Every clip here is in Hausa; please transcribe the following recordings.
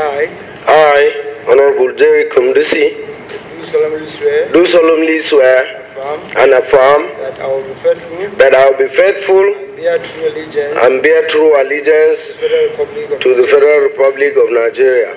I, I, Honorable Jerry Kumdusi, do solemnly swear, do solemnly swear and affirm that I will be faithful, that I will be faithful bear true allegiance, and bear true allegiance to the Federal Republic of Nigeria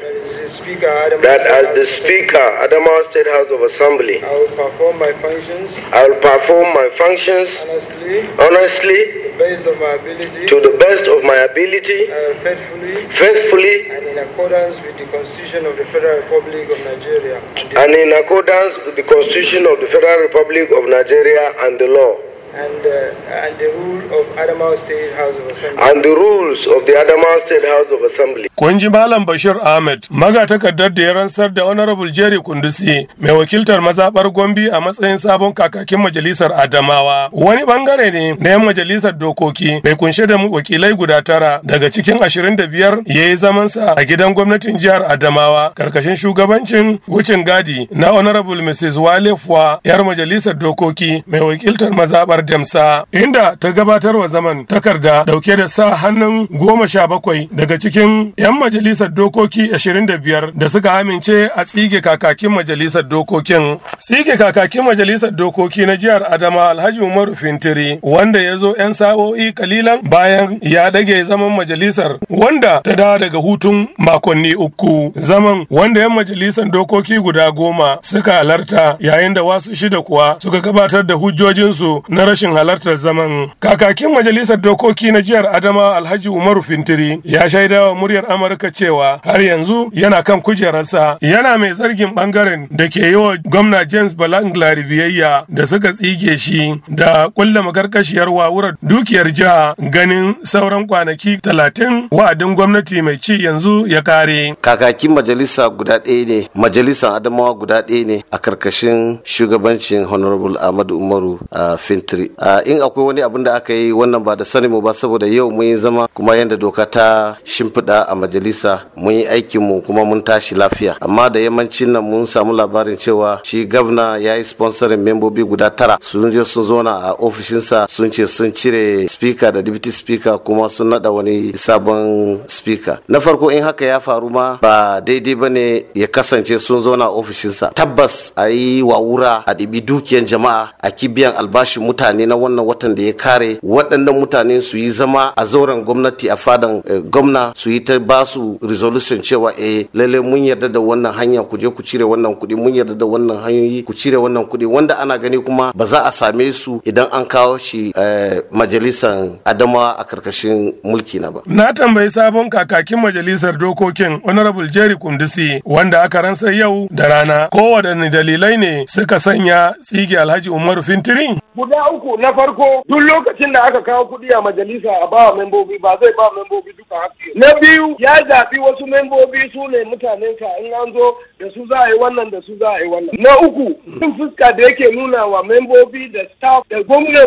that as the Speaker, Adamawa State House of Assembly, I will perform my functions, I will perform my functions honestly, honestly Ability, to the best of my ability, uh, faithfully, faithfully, and in accordance with the Constitution of the Federal Republic of Nigeria, and in accordance with the Constitution of the Federal Republic of Nigeria and the law. And, uh, the of the rules of the Adamawa State House of Assembly. Kun ji Malam Bashir Ahmed, magatakardar da ya rantsar da Honorable Jerry Kundusi, mai wakiltar mazaɓar gombi a matsayin sabon kakakin majalisar Adamawa. Wani bangare ne na yan majalisar dokoki mai kunshe da wakilai guda tara daga cikin ashirin da biyar ya yi zamansa a gidan gwamnatin jihar Adamawa karkashin shugabancin wucin gadi na Honorable Mrs. Wale Fuwa, 'yar majalisar dokoki mai wakiltar mazaɓar jihar Damsa inda ta gabatar wa zaman takarda dauke da sa hannun goma sha bakwai daga cikin 'yan majalisar dokoki ashirin da biyar da suka amince a tsige kakakin majalisar dokokin. Tsige kakakin majalisar dokoki na jihar Adama Alhaji Umaru Fintiri wanda ya zo 'yan sa'o'i kalilan bayan ya dage zaman majalisar wanda ta dawo daga hutun makonni uku. Zaman wanda 'yan majalisar dokoki guda goma suka halarta yayin da wasu shida kuwa suka gabatar da hujjojinsu na rashin halartar zaman kakakin majalisar dokoki na jihar Adama Alhaji Umaru Fintiri ya shaida wa muryar Amurka cewa har yanzu yana kan kujerarsa yana mai zargin bangaren da ke yi wa gwamna James Balanglari biyayya da suka tsige shi da kulla magarkashiyar wawurar dukiyar jiha ganin sauran kwanaki talatin wa'adin gwamnati mai ci yanzu ya kare. Kakakin majalisa guda ɗaya ne, majalisar Adamawa guda ɗaya ne a karkashin shugabancin Honorable Ahmadu Umaru a ah, Fintiri. dare in akwai wani abin da aka yi wannan ba da sani mu ba saboda yau mun yi zama kuma yadda doka ta shimfiɗa a majalisa mun yi aikin mu kuma mun tashi lafiya amma da yammancin nan mun samu labarin cewa shi gwamna ya yi sponsorin membobi guda tara sun je sun a ofishinsa sun ce sun cire speaker da deputy speaker kuma sun nada wani sabon speaker na farko in haka ya faru ma ba daidai ba ne ya kasance sun zauna a ofishinsa tabbas a yi wawura a ɗibi dukiyan jama'a a kibiyan albashin mutane mutane na wannan watan da ya kare waɗannan mutane su yi zama a zauren gwamnati a fadan eh, gwamna su yi ta ba su resolution cewa eh lalle mun yarda da wannan hanya ku je ku cire wannan kuɗi mun yarda da wannan hanyoyi ku cire wannan kuɗi wanda ana gani kuma ba za a same su idan an kawo shi eh, majalisar adamawa a karkashin mulki na ba. Na tambayi sabon kakakin majalisar dokokin Honorable Jerry Kundisi wanda aka ransa yau da rana kowaɗanne dalilai ne suka sanya tsige Alhaji Umaru Fintiri. Guda uku na farko duk lokacin da aka kawo kuɗi a majalisa a bawa membobi ba zai ba membobi duka haƙƙi. Na biyu ya zaɓi wasu membobi su ne mutanen ka in an zo da su za a yi wannan da su za a yi wannan. Na uku duk fuska da yake nuna wa membobi da staff da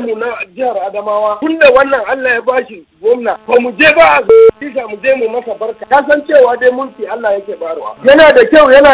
mu na jihar Adamawa tun wannan Allah ya bashi gwamna ba mu je ba a zuwa mu je mu masa barka ka san cewa dai mulki Allah yake barwa yana da kyau yana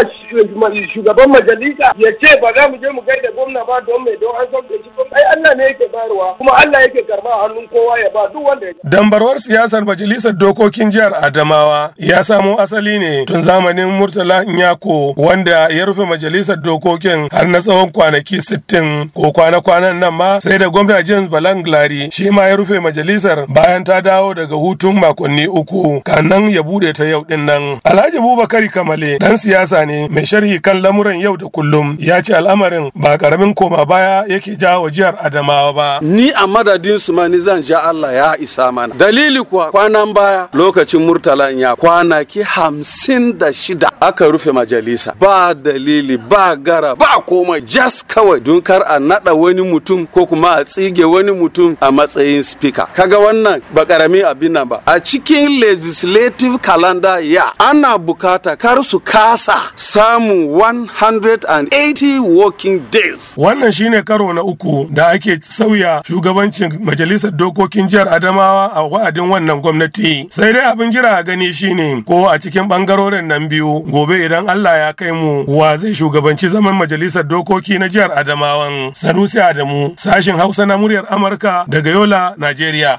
shugaban majalisa ya ce ba za mu je mu gaida gwamna ba don mai don an da shi ai Allah ne yake bayarwa kuma Allah yake karba hannun kowa ya ba duk wanda ya dambarwar siyasar majalisar dokokin jihar Adamawa ya samo asali ne tun zamanin Murtala Nyako wanda ya rufe majalisar dokokin har na tsawon kwanaki 60 ko kwana-kwanan nan ma sai da gwamna James Balanglari shi ma ya rufe majalisar bayan ta dawo daga hutun makonni uku kanan ya bude ta yau din nan. Alhaji Abubakar Kamale dan siyasa ne mai sharhi kan lamuran yau da kullum ya ce al'amarin ba karamin koma baya yake jawo jihar Adamawa ba. Ni a madadin su ma ni zan ja Allah ya isa mana. Dalili kuwa kwanan baya lokacin Murtala ya kwanaki hamsin da shida aka rufe majalisa ba dalili ba gara ba komai jas kawai don kar a nada wani mutum ko kuma a tsige wani mutum a matsayin speaker. Kaga wannan ba karami abin nan ba a cikin legislative calendar ya ana bukata kar su kasa samun 180 working days wannan shine karo na uku da ake sauya shugabancin majalisar dokokin jihar adamawa a wa'adin wannan gwamnati sai dai abin jira a gani shine ko a cikin bangarorin nan biyu gobe idan allah ya kai mu wa zai shugabanci zaman majalisar dokoki na jihar adamawan sanusi adamu sashin hausa na muryar amurka daga yola najeriya